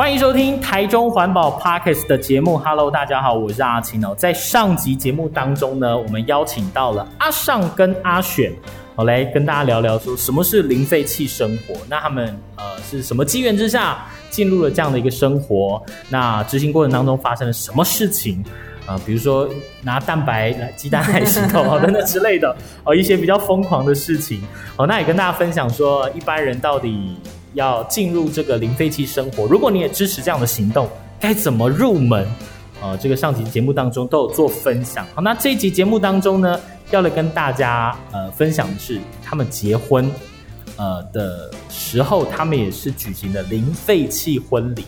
歡迎收聽台中環保 Podcast 的節目。Hello，大家好，我是阿青哦。在上集節目當中呢，我們邀請到了阿尚跟阿選，好，來跟大家聊聊說什麼是零廢棄生活。那他們呃是什麼機緣之下進入了這樣的一個生活？那執行過程當中發生了什麼事情啊、呃？比如說拿蛋白來雞蛋來洗頭，好 等等之類的，哦一些比較瘋狂的事情。好，那也跟大家分享說一般人到底，要進入這個零廢棄生活，如果你也支持這樣的行動，該怎麼入門？呃，這個上集節目當中都有做分享。好，那這一集節目當中呢，要來跟大家呃分享的是，他們結婚呃的時候，他們也是舉行的零廢棄婚禮。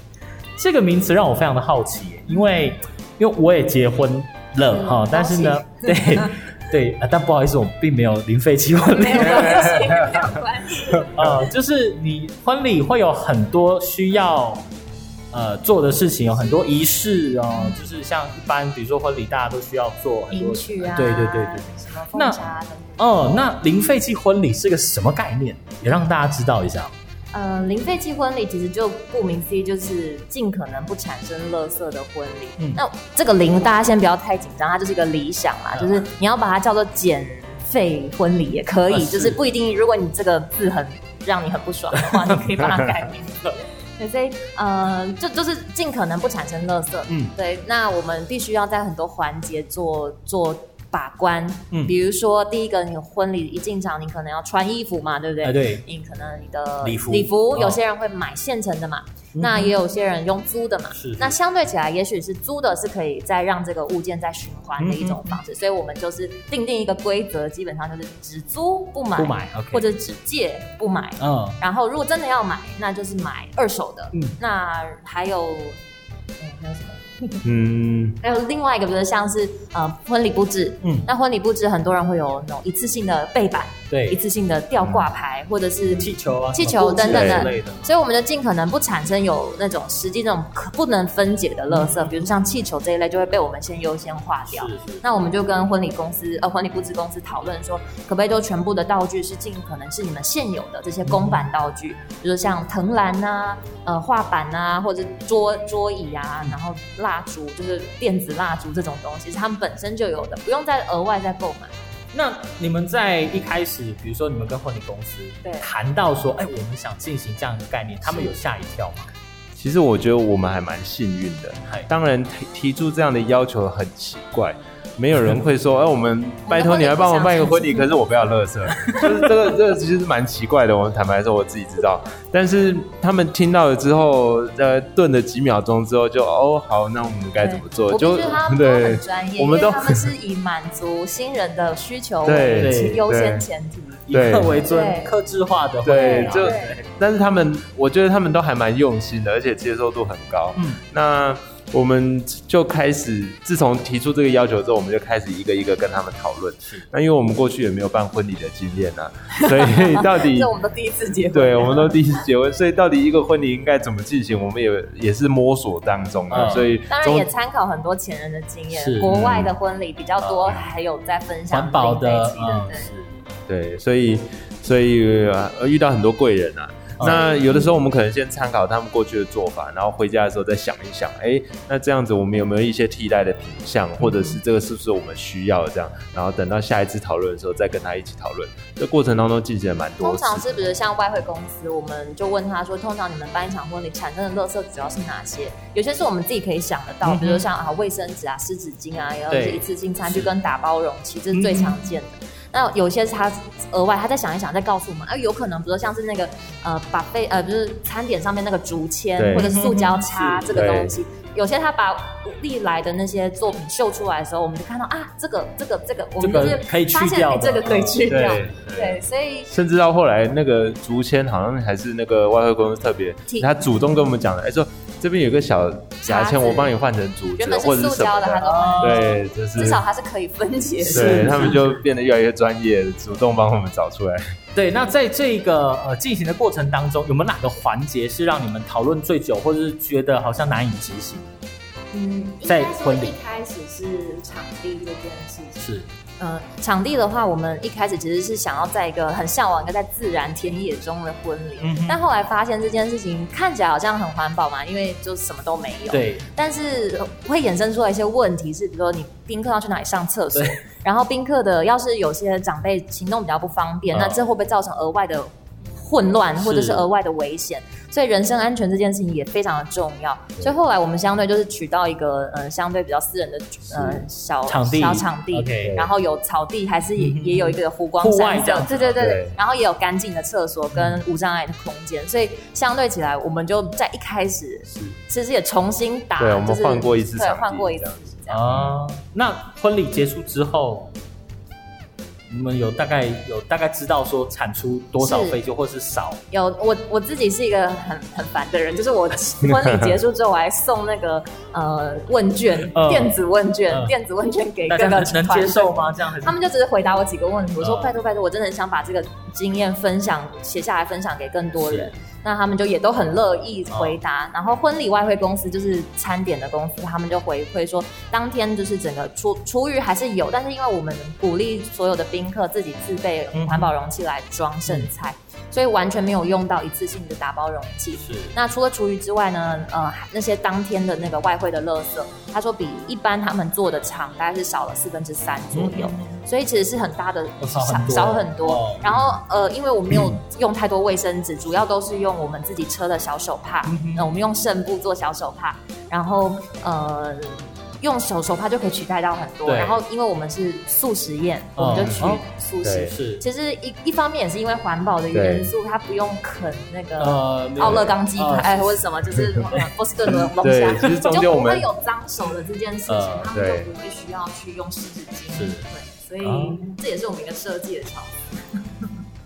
這個名詞讓我非常的好奇欸，因為因為我也結婚了哈，但是呢，對。 對、啊，但不好意思，我並沒有零廢棄婚禮，沒有關係，沒有關係。 呃，就是你婚禮會有很多需要呃做的事情，有很多儀式哦、呃，就是像一般，比如說婚禮，大家都需要做很多，啊呃、對對對對。什麼、啊？那哦、嗯呃，那零廢棄婚禮是個什麼概念？也讓大家知道一下。嗯、呃，零廢棄婚禮其實就顧名思義，就是盡可能不產生垃圾的婚禮。嗯，那這個零大家先不要太緊張，它就是一個理想嘛，嗯、就是你要把它叫做減廢婚禮也可以、啊，就是不一定。如果你這個字很讓你很不爽的話，你可以把它改名字。對，所以，嗯，就就是盡可能不產生垃圾。嗯，對。那我們必須要在很多環節做做。做把關、嗯，比如說第一個，你婚禮一進場，你可能要穿衣服嘛，對不對？啊、對。你可能你的禮服，禮服、哦，有些人會買現成的嘛、嗯，那也有些人用租的嘛。是，是。那相對起來，也許是租的是可以再讓這個物件再循環的一種方式、嗯，所以我們就是定定一個規則，基本上就是只租不買，不買、okay，或者只借不買。嗯。然後如果真的要買，那就是買二手的。嗯。那還有。嗯 嗯，還有另外一個，比如像是呃婚禮布置，嗯，那婚禮布置很多人會有那種一次性的背板，對，一次性的吊掛牌、嗯、或者是氣球啊、氣球等等的,的，所以我們就盡可能不產生有那種實際這種可不能分解的垃圾，嗯、比如說像氣球這一類就會被我們先優先化掉。是是是那我們就跟婚禮公司呃婚禮布置公司討論說，可不可以做全部的道具是盡可能是你們現有的這些公版道具，嗯、比如像藤籃啊、呃畫板啊或者桌桌椅啊，然後蠟。蠟燭就是電子蠟燭這種東西，是他們本身就有的，不用再額外再購買。那你們在一開始，比如說你們跟婚禮公司對談到說，嗯、哎，我們想進行這樣一個概念，他們有嚇一跳嗎？其實我覺得我們還蠻幸運的。當然提提出這樣的要求很奇怪。 沒有人會說，哎、啊，我們拜託你來幫我辦一個婚禮，婚可是我不要垃圾。 就是這個，這個其實蠻奇怪的。我們坦白說，我自己知道，但是他們聽到了之後，呃，頓了幾秒鐘之後就，就哦，好，那我們該怎麼做？就，對，就對，他們很專業對，我們都他們是以滿足新人的需求為優先前提，以客為尊，客制化的對。就對，但是他們，我覺得他們都還蠻用心的，而且接受度很高。嗯，那。我們就開始，自從提出這個要求之後，我們就開始一個一個跟他們討論。是，那因為我們過去也沒有辦婚禮的經驗啊，所以到底 是我們都第一次結婚，啊，對，我們都第一次結婚， 所以到底一個婚禮應該怎麼進行，我們也也是摸索當中啊。嗯、所以當然也參考很多前人的經驗，國外的婚禮比較多，嗯，還有在分享環保的，嗯對，對，所以所以遇到很多貴人啊。那有的時候我們可能先參考他們過去的做法，然後回家的時候再想一想，哎、欸，那這樣子我們有沒有一些替代的品項，或者是這個是不是我們需要這樣？然後等到下一次討論的時候再跟他一起討論。這個、過程當中進行了蠻多的。通常是不是像外匯公司，我們就問他說，通常你們辦一場婚禮產生的垃圾主要是哪些？有些是我們自己可以想得到，嗯嗯比如說像啊衛生紙啊、濕紙、啊、巾啊，然後是一次性餐具跟打包容器、嗯、這是最常見的。嗯嗯那有些是他額外，他再想一想，再告訴我們，啊，有可能，比如說像是那個，呃，Buffet，呃，不是餐點上面那個竹籤或者塑膠叉這個東西，有些他把歷來的那些作品秀出來的時候，我們就看到啊，這個這個這個，這個這個、我們就是可以去掉這個可以去掉，以去掉對對，對，所以甚至到後來那個竹籤好像還是那個外燴公司特別，他主動跟我們講的，哎、欸，說。這邊有個小牙籤，我幫你換成主，或者什麼的，是的，對，就是至少它是可以分解的。是是對，他們就變得越來越專業，是是主動幫我們找出來。對，那在這個呃進行的過程當中，有沒有哪個環節是讓你們討論最久，或者是覺得好像難以執行？嗯，在婚禮開始是場地這件事情是。呃、場地的話，我們一開始其實是想要在一個很向往一個在自然田野中的婚禮、嗯，但後來發現這件事情看起來好像很環保嘛，因為就什麼都沒有。但是會衍生出來一些問題是，比如說你賓客要去哪裡上廁所，然後賓客的要是有些長輩行動比較不方便，哦、那這會不會造成額外的？混亂或者是額外的危險，所以人身安全這件事情也非常的重要。所以後來我們相對就是取到一個、呃、相對比較私人的呃小場地、小場地，okay, 然後有草地，還是也、嗯、也有一個湖光山色對對對，對。然後也有乾淨的廁所跟無障礙的空間、嗯，所以相對起來，我們就在一開始其實也重新打，對就是換過，過一次場換過一次啊。那婚禮結束之後，你們有大概有大概知道說產出多少廢棄，或者是少？有，我我自己是一個很很煩的人，就是我婚禮結束之後我還送那個 呃問卷呃，電子問卷，呃，電子問卷給各個能接受嗎？這樣他們就只是回答我幾個問題。我說、呃、拜託拜託，我真的很想把這個。經驗分享寫下來分享給更多人，那他們就也都很樂意回答。哦。然後婚禮外燴公司就是餐點的公司，他們就回饋說，當天就是整個廚廚餘還是有，但是因為我們鼓勵所有的賓客自己自備環保容器來裝剩菜。嗯嗯所以完全沒有用到一次性的打包容器。那除了廚餘之外呢？呃，那些當天的那個外燴的垃圾，他說比一般他們做的場大概是少了四分之三左右。嗯、所以其實是很大的，少少很多。哦、然後呃，因為我沒有用太多衛生紙、嗯，主要都是用我們自己車的小手帕。我們用剩布做小手帕。然後呃。用手手帕就可以取代到很多，然後因為我們是素食宴、嗯，我們就取素食。哦、其實一一方面也是因為環保的元素，它不用啃那個奧勒岡雞腿、呃呃、或者什麼，就是波士頓龍蝦，就不會有髒手的這件事情，嗯嗯、他們就不會需要去用濕紙巾。對，所以、嗯、這也是我們一個設計的巧合。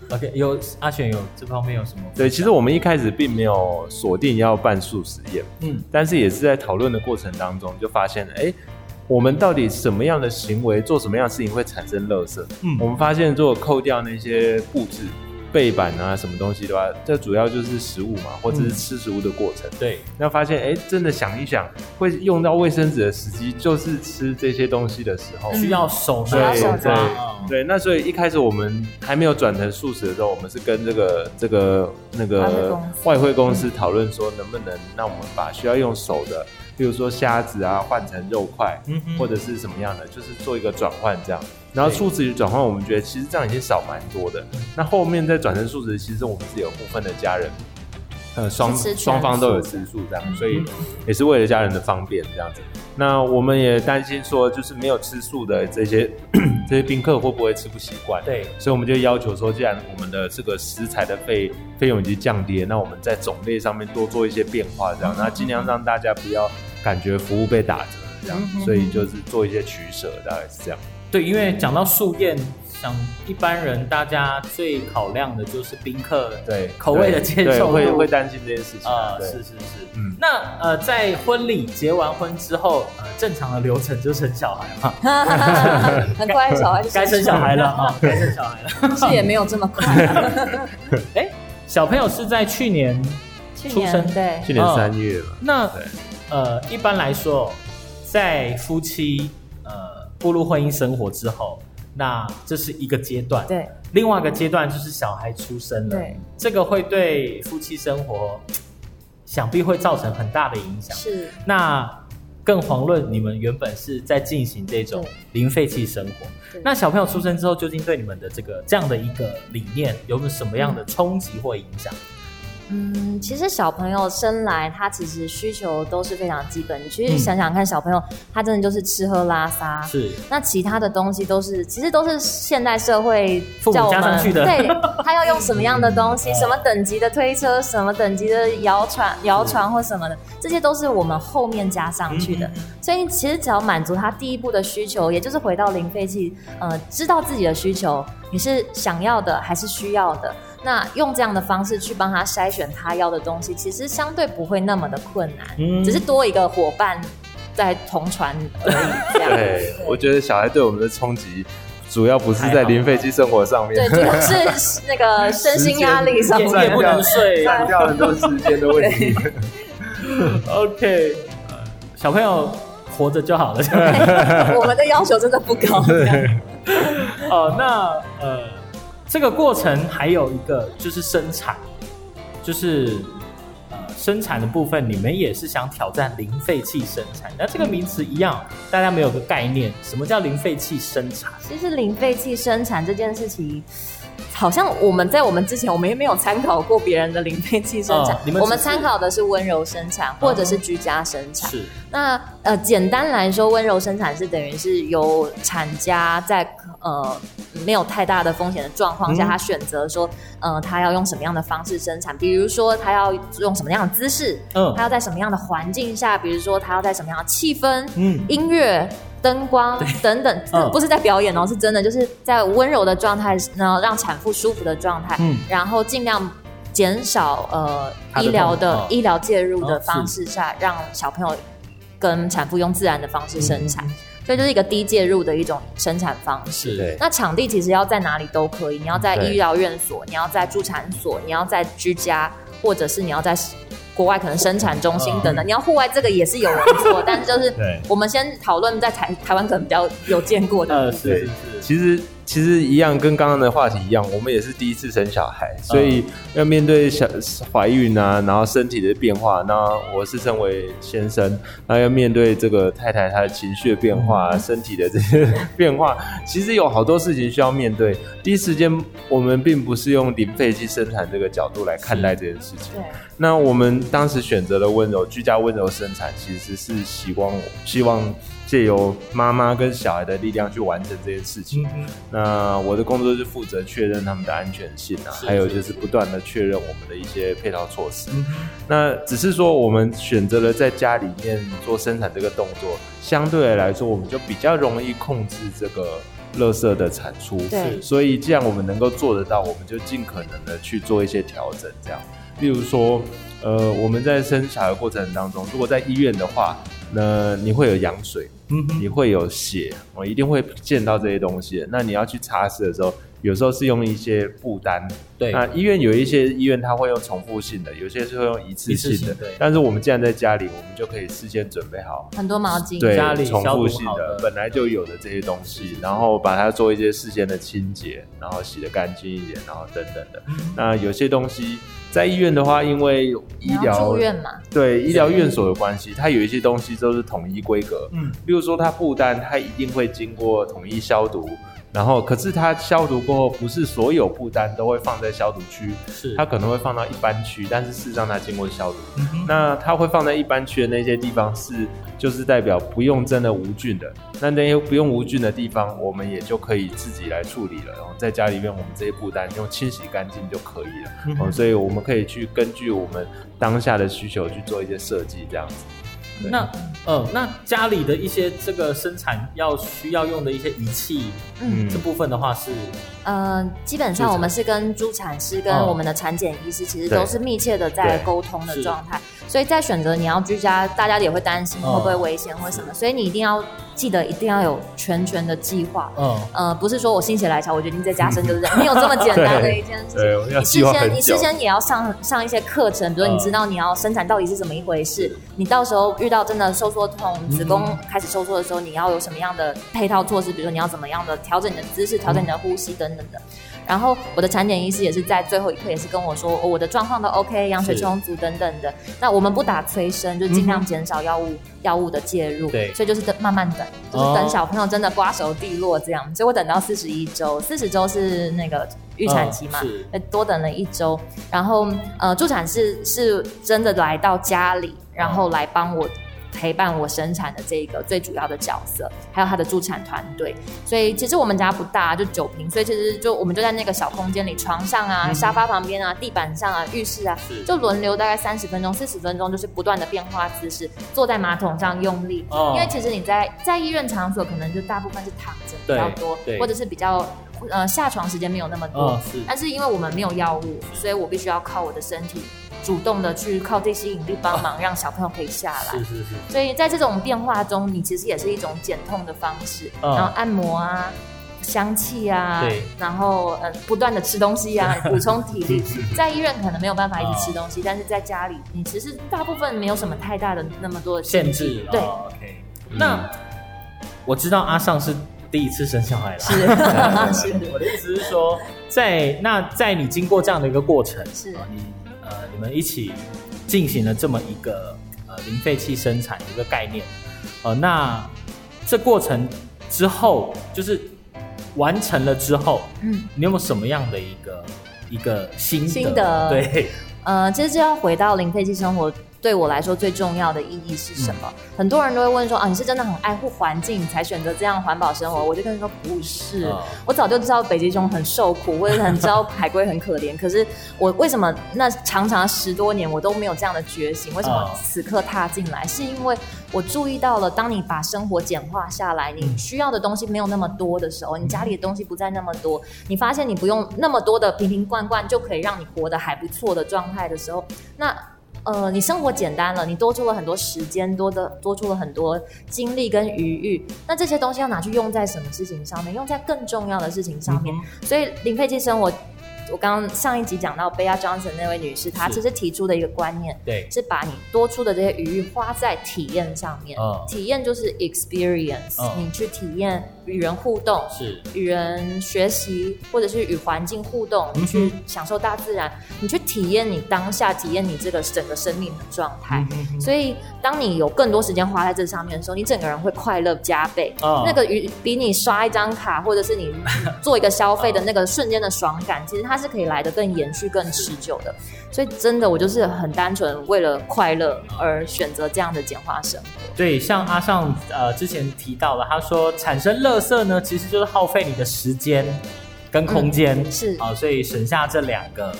OK，有阿選有這方面有什麼？對，其實我們一開始並沒有鎖定要辦數實驗，嗯，但是也是在討論的過程當中，就發現了，哎，我們到底什麼樣的行為做什麼樣的事情會產生垃圾？嗯，我們發現如果扣掉那些布置。背板啊，什麼東西的話，這主要就是食物嘛，或者是吃食物的過程。嗯、對，那發現哎，真的想一想，會用到衛生紙的時機就是吃這些東西的時候，需要手，所以對需要手，對，需要手，對，對。那所以一開始我們還沒有轉成素食的時候，我們是跟這個這個那個外汇公司討論說，能不能讓、嗯、我們把需要用手的，比如說蝦子啊，換成肉塊，嗯，或者是什麼樣的，就是做一個轉換這樣。然後素食的轉換，我們覺得其實這樣已經少蠻多的。那後面再轉成素食，其實我們是有部分的家人，呃，雙雙方都有吃素這樣，所以也是為了家人的方便這樣子。那我們也擔心說，就是沒有吃素的這些 這些賓客會不會吃不習慣？對，所以我們就要求說，既然我們的這個食材的費費用已經降低了，那我們在種類上面多做一些變化，這樣，那盡量讓大家不要感覺服務被打折這樣、嗯哼哼。所以就是做一些取捨，大概是這樣。對，因為講到素宴，嗯，想一般人大家最考量的就是賓客對、對口味的接受度會會擔心這件事情啊、呃。是是是，嗯。那呃，在婚禮結完婚之後，呃，正常的流程就是生小孩嘛，啊 很快小孩就該生小孩了啊，該生小孩了，其 實、哦、 也沒有這麼快、 欸。小朋友是在去年、去年出生，對，去年三月了。呃那對呃，一般來說，在夫妻。步入，入婚姻生活之後，那這是一個階段；對，另外一個階段就是小孩出生了。對，這個會對夫妻生活，想必會造成很大的影響。是，那更遑論你們原本是在進行這種零廢棄生活。那小朋友出生之後，究竟對你們的這個這樣的一個理念，有有什麼樣的衝擊或影響？嗯嗯，其實小朋友生來，他其實需求都是非常基本。你其實想想看，小朋友，嗯、他真的就是吃喝拉撒。是。那其他的東西都是，其實都是現代社會叫我們加上去的 對，他要用什麼樣的東西，嗯、什麼等級的推車，嗯、什麼等級的搖船、搖、嗯、床或什麼的，這些都是我們後面加上去的。所以其實只要滿足他第一步的需求，也就是回到零廢棄，呃，知道自己的需求，你是想要的還是需要的。那用這樣的方式去幫他篩選他要的東西，其實相對不會那麼的困難，嗯、只是多一個伙伴在同船而已對。對，我覺得小孩對我們的衝擊，主要不是在零廢棄生活上面，主要、就是那個身心壓力上面，不能睡、啊，要掉很多時間的問題。 okay. OK，小朋友活着就好了。 我們的要求真的不高。對。Oh, 那呃。這個過程還有一個就是生產，就是呃生產的部分，你們也是想挑戰零廢棄生產？那這個名詞一樣，大家沒有個概念，什麼叫零廢棄生產？其實零廢棄生產這件事情。好像我們在我們之前我們也沒有參考過別人的零廢棄生產，哦、們我們參考的是溫柔生產或者是居家生產。嗯、是那呃，簡單來說，溫柔生產是等於是由產家在呃沒有太大的風險的狀況下、嗯，他選擇說，呃他要用什麼樣的方式生產？比如說他要用什麼樣的姿勢、嗯？他要在什麼樣的環境下？比如說他要在什麼樣的氣氛？嗯、音樂、燈光等等，嗯、不是在表演哦、喔，是真的，就是在溫柔的狀態，然後讓產婦。不舒服的狀態、嗯，然後盡量減少呃醫療的、哦、醫療介入的方式下、哦，讓小朋友跟產婦用自然的方式生產，嗯，所以就是一個低介入的一種生產方式。對，那場地其實要在哪裡都可以，你要在醫療院所，你要在助產所，你要在居家，或者是你要在國外可能生產中心等等，哦、你要戶外這個也是有人做， 但是就是我們先討論在台台灣可能比較有見過的、呃。是是是，是，其實。其實一樣，跟剛剛的話題一樣，我們也是第一次生小孩，所以要面對小懷孕啊，然後身體的變化。那我是身為先生，那要面對這個太太她的情緒的變化、嗯，身體的這些變化，其實有好多事情需要面對。第一時間，我們並不是用零廢棄生產這個角度來看待這件事情。對，那我們當時選擇了溫柔居家溫柔生產，其實是希望我希望。借由媽媽跟小孩的力量去完成這件事情。嗯、那我的工作是負責確認他們的安全性啊，是是是還有就是不斷的確認我們的一些配套措施。嗯、那只是說，我們選擇了在家裡面做生產這個動作，相對來說，我們就比較容易控制這個垃圾的產出。對，所以既然我們能夠做得到，我們就盡可能的去做一些調整。這樣，例如說，呃，我們在生小孩過程當中，如果在醫院的話，那你會有羊水，嗯，你會有血，我一定會見到這些東西。那你要去擦拭的時候，有時候是用一些布單。對，那醫院有一些醫院他會用重複性的，有些是會用一次，一次性的，對。但是我們既然在家裡，我們就可以事先準備好很多毛巾，對，家裡重複性的、的本來就有的這些東西，然後把它做一些事先的清潔，然後洗得乾淨一點，然後等等的。嗯，那有些東西在醫院的話，因為醫療住院嘛，對，醫療院所的關係，它有一些東西，都是統一規格，嗯，比如說它布單，它一定會經過統一消毒，然後可是它消毒過後，不是所有布單都會放在消毒區，是它可能會放到一般區，但是事實上它經過消毒，嗯，那它會放在一般區的那些地方是就是代表不用真的無菌的，那那些不用無菌的地方，我們也就可以自己來處理了，然後在家裡面我們這些布單用清洗乾淨就可以了，嗯，所以我們可以去根據我們當下的需求去做一些設計，這樣子。那，呃，那家裡的一些這個生產要需要用的一些儀器，嗯，這部分的話是，嗯，呃，基本上我們是跟助產師、跟我們的產檢醫師，其實都是密切的在溝通的狀態，所以在選擇你要居家，大家也會擔心會不會危險或什麼，嗯，所以你一定要。記得一定要有全權的計劃。嗯。呃，不是說我心血來潮，我決定再加深，就是、嗯、沒有這麼簡單的一件事對，對，我要計劃很久，你之前，你之前也要上上一些課程，比如說你知道你要生產到底是怎麼一回事。嗯、你到時候遇到真的收縮痛，子宮開始收縮的時候，你要有什麼樣的配套措施？比如說你要怎麼樣的調整你的姿勢，調整你的呼吸等等的。嗯、然後我的產檢醫師也是在最後一刻也是跟我說，哦、我的狀況都 OK，羊水充，充足等等的。那我們不打催生，就盡量減少藥物、嗯、藥物的介入。對。所以就是慢慢等。就是等小朋友真的瓜熟蒂落這樣，結、oh. 果等到四十一周，四十周是那個預產期嘛、oh. 是，多等了一周，然後呃助產士是,是真的來到家裡，然後來幫我。Oh. 陪伴我生產的這個最主要的角色，還有他的助產團隊，所以其實我們家不大，就九坪，所以其實就我們就在那個小空間裡，床上啊、沙發旁邊啊、地板上啊、浴室啊，就輪流大概三十分鐘、四十分鐘，就是不斷的變化姿勢，坐在馬桶上用力，哦、因為其實你在在醫院場所可能就大部分是躺着比較多，或者是比較呃下床時間沒有那麼多、哦，但是因為我們沒有藥物，所以我必須要靠我的身體。主動的去靠這些引力幫忙，讓小朋友可以下來、啊。是是是。所以在這種變化中，你其實也是一種減痛的方式。啊、然後按摩啊，香氣啊，然後嗯、呃，不斷的吃東西啊，補充體力。在醫院可能沒有辦法一直吃東西、啊，但是在家裡，你其實大部分沒有什麼太大的、嗯、那麼多的限制。對、哦，OK。那、嗯、我知道阿尚是第一次生小孩了。是。我的意思是說，在那在你經過這樣的一個過程，是。哦我們一起進行了這麼一個呃零廢棄生產的一個概念，呃，那這過程之後就是完成了之後，嗯，你有沒有什麼樣的一個、嗯、一個心得，心得？對，呃，其實就是、要回到零廢棄生活。對我來說最重要的意義是什麼？嗯。很多人都會問說：“啊，你是真的很愛護環境才選擇這樣環保生活？”嗯，我就跟他說：“不是，哦，我早就知道北極熊很受苦，我也很知道海龜很可憐。 可是我為什麼那長長的十多年我都沒有這樣的覺醒？為什麼此刻踏進來，哦？是因為我注意到了，當你把生活簡化下來，你需要的東西沒有那麼多的時候，你家裡的東西不再那麼多，嗯，你發現你不用那麼多的瓶瓶罐罐就可以讓你活得還不錯的狀態的時候，那。”呃，你生活簡單了，你多出了很多時間，多的多出了很多精力跟餘裕。那這些東西要拿去用在什麼事情上面？用在更重要的事情上面。嗯、所以零廢棄生，零廢棄生活我我剛剛上一集講到 Bea Johnson 那位女士，她其實提出的一個觀念，對，是把你多出的這些餘裕花在體驗上面。哦、體驗就是 experience，、哦、你去體驗。與人互動是與人學習，或者是與環境互動，你去享受大自然，嗯、你去體驗你當下，體驗你這個整個生命的狀態、嗯。所以，當你有更多時間花在這上面的時候，你整個人會快樂加倍。哦、那個與比你刷一張卡，或者是你做一個消費的那個瞬間的爽感、哦，其實它是可以來得更延續、更持久的。所以，真的，我就是很單純為了快樂而選擇這樣的簡化生活。對，像阿尚呃之前提到的，他說產生樂。特色呢，其實就是耗費你的時間跟空間，嗯，是啊，所以省下這兩個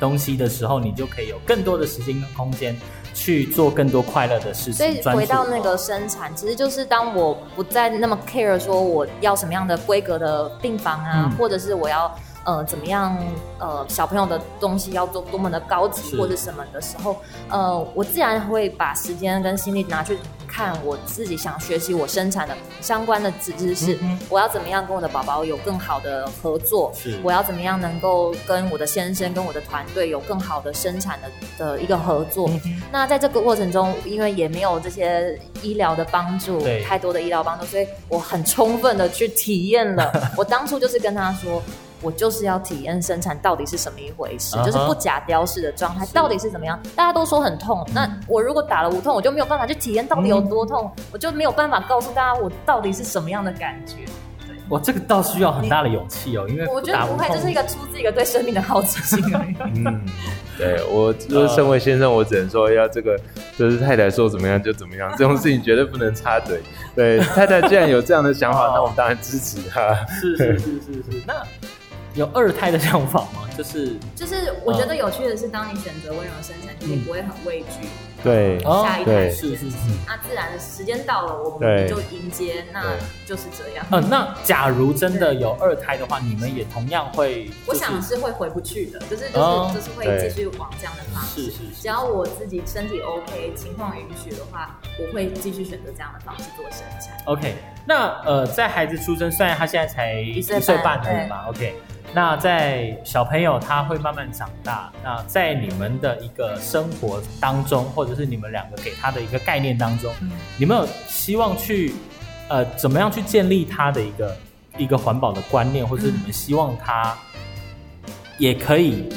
東西的時候，你就可以有更多的時間跟空間去做更多快樂的事情。所以回到那個生產，其實就是當我不再那麼 care 說我要什麼樣的規格的病房啊，嗯，或者是我要，呃，怎麼樣？呃，小朋友的東西要做多，多麼的高級或者什麼的時候，呃，我自然會把時間跟心力拿去看我自己想學習我生產的相關的知識、嗯。我要怎麼樣跟我的寶寶有更好的合作？我要怎麼樣能夠跟我的先生跟我的團隊有更好的生產的的一個合作、嗯？那在這個過程中，因為也沒有這些醫療的幫助，太多的醫療幫助，所以我很充分的去體驗了。 我當初就是跟他說。我就是要體驗生產到底是什麼一回事，Uh-huh. 就是不假雕飾的狀態到底是怎麼樣？大家都說很痛，嗯，那我如果打了無痛，我就沒有辦法去體驗到底有多痛，嗯，我就沒有辦法告訴大家我到底是什麼樣的感覺。我這個倒需要很大的勇氣哦，因為無我覺得不會，就是一個出自一個對生命的好奇心。 嗯，對我就是身為先生，我只能說要這個就是太太說怎麼樣就怎麼樣，這種事情絕對不能插嘴。 對太太既然有這樣的想法， 哦，那我們當然支持她。是是是是是，是，那。有二胎的想法嗎？就是就是，我覺得有趣的是，當你選擇溫柔生產，嗯、就你不會很畏懼對、嗯、下一胎是、哦、是，是？那自然的時間到了，我們就迎接，那就是這樣。嗯，那假如真的有二胎的話，你們也同樣會、就是？我想是會回不去的，就是就是、哦、就是會繼續往這樣的方式。是是,是只要我自己身體 OK，情況允許的話，我會繼續選擇這樣的方式做生產。OK，那呃，在孩子出生，雖然他現在才一歲半了對嗎？OK。那在小朋友他會慢慢長大，那在你們的一個生活當中，或者是你們兩個給他的一個概念當中，嗯、你們有希望去，呃，怎麼樣去建立他的一個一個環保的觀念，或者是你們希望他也可以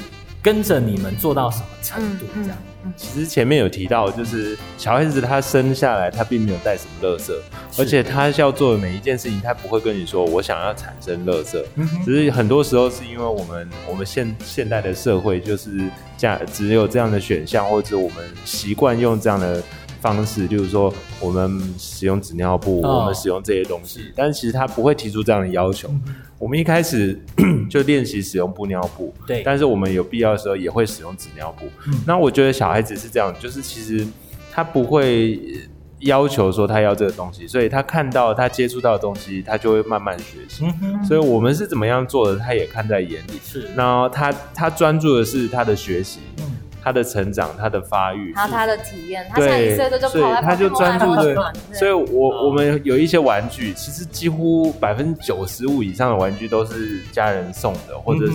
跟着你們做到什麼程度這樣？嗯嗯其實前面有提到，就是小孩子他生下來，他並沒有帶什麼垃圾，而且他要做的每一件事情，他不會跟你說我想要產生垃圾。嗯、只是很多時候是因為我們我們現現代的社會就是這樣，只有這樣的選項，或者我們習慣用這樣的方式，就是說我們使用紙尿布，哦，我們使用這些東西，但是其實他不會提出這樣的要求。嗯我們一開始 就練習使用布尿布，對。但是我們有必要的時候也會使用紙尿布。嗯。那我覺得小孩子是這樣，就是其實他不會要求說他要這個東西，所以他看到他接觸到的東西，他就會慢慢學習。嗯。所以我們是怎麼樣做的，他也看在眼裡。是。然後他他專注的是他的學習。嗯他的成長，他的發育，啊、他的體驗，他現在一歲就跑來跑，他就專注，跑來跑去，對，所以我，我我們有一些玩具，其實幾乎百分之九十五以上的玩具都是家人送的，或者是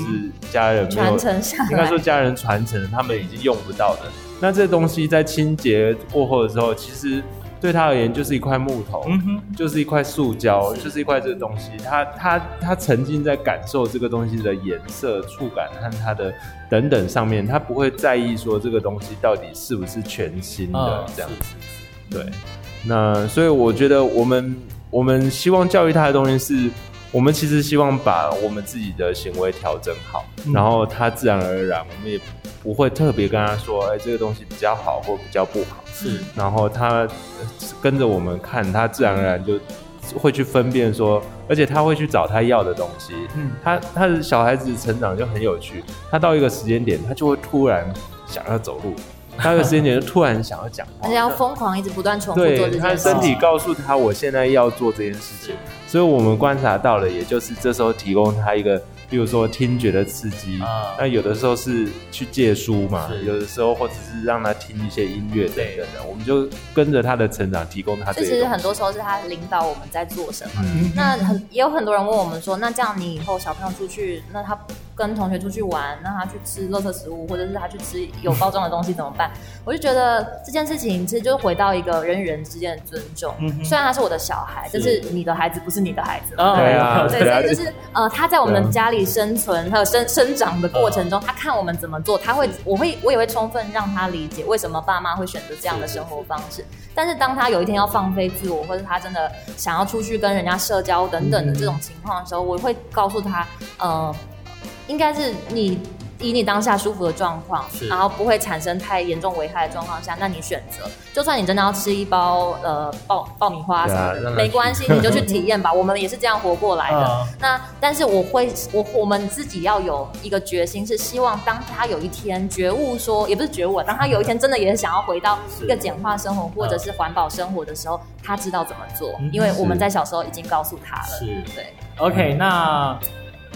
家人傳承下來。應該說，家人傳承，他們已經用不到的。那這東西在清潔過後的時候，其實。對他而言，就是一塊木頭、嗯，就是一塊塑膠，就是一塊這個東西。他他他沉浸在感受這個東西的顏色、觸感和他的等等上面，他不會在意說這個東西到底是不是全新的、哦、這樣子。是是是對，那所以我覺得我們我們希望教育他的東西是，我們其實希望把我們自己的行為調整好，嗯、然後他自然而然，我們也不會特別跟他說：“哎，這個東西比較好，或比較不好。”嗯，是，然後他跟着我們看，他自然而然就會去分辨說，而且他會去找他要的東西。嗯，他他的小孩子成長就很有趣，他到一個時間點，他就會突然想要走路；到一個時間點，就突然想要講話。就是要瘋狂一直不斷重複做這件事情。對，他身體告訴他，我現在要做這件事情。所以我們觀察到了，也就是這時候提供他一個，比如說聽覺的刺激，嗯，那有的時候是去借書嘛，有的時候或者是讓他聽一些音樂等等的，嗯，我們就跟着他的成長提供他這些東西。這其實很多時候是他領導我們在做什麼。嗯、那很也有很多人問我們說，那這樣你以後小朋友出去，那他。跟同學出去玩，讓他去吃垃圾食物，或者是他去吃有包裝的東西，怎麼辦？ 我就覺得這件事情其實就是回到一個人與人之間的尊重、嗯。雖然他是我的小孩，但是，就是你的孩子不是你的孩子。對啊對，對，所以就是呃，他在我們家裡生存和生生長的過程中，他看我們怎麼做，他會，我會，我也會充分讓他理解為什麼爸媽會選擇這樣的生活方式。但是當他有一天要放飛自我，或者他真的想要出去跟人家社交等等的這種情況的時候，嗯、我會告訴他，呃。應該是你以你當下舒服的狀況，然後不會產生太嚴重危害的狀況下，那你選擇，就算你真的要吃一包呃爆爆米花什麼、啊、沒關係，你就去體驗吧。 我們也是這樣活過來的。啊、那但是我會，我我們自己要有一個決心，是希望當他有一天覺悟說，說也不是覺悟，當他有一天真的也想要回到一個簡化生活或者是環保生活的時候，他知道怎麼做，嗯、因為我們在小時候已經告訴他了。是對，對，OK，那。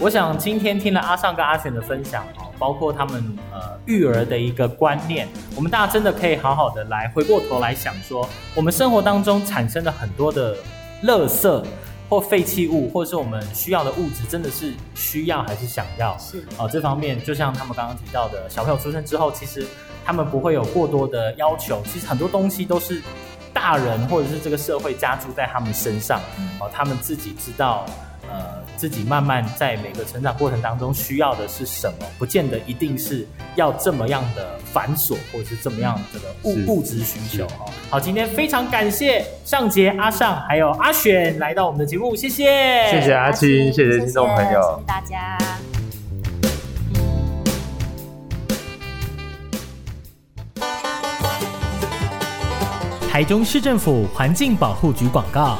我想今天聽了阿尚跟阿選的分享，包括他們呃育兒的一個觀念，我們大家真的可以好好的來回過頭來想說，我們生活當中產生的很多的垃圾或廢棄物，或者是我們需要的物質，真的是需要還是想要？是啊，這方面就像他們剛剛提到的小朋友出生之後，其實他們不會有過多的要求，其實很多東西都是大人或者是這個社會加注在他們身上，哦，他們自己知道。呃，自己慢慢在每個成長過程當中需要的是什麼，不見得一定是要這麼樣的繁瑣，或是這麼樣的物物質需求哦。好，今天非常感謝尚潔、阿尚還有阿選來到我們的節目，謝謝，謝謝阿青，謝謝聽眾朋友，謝謝大家。台中市政府環境保護局廣告。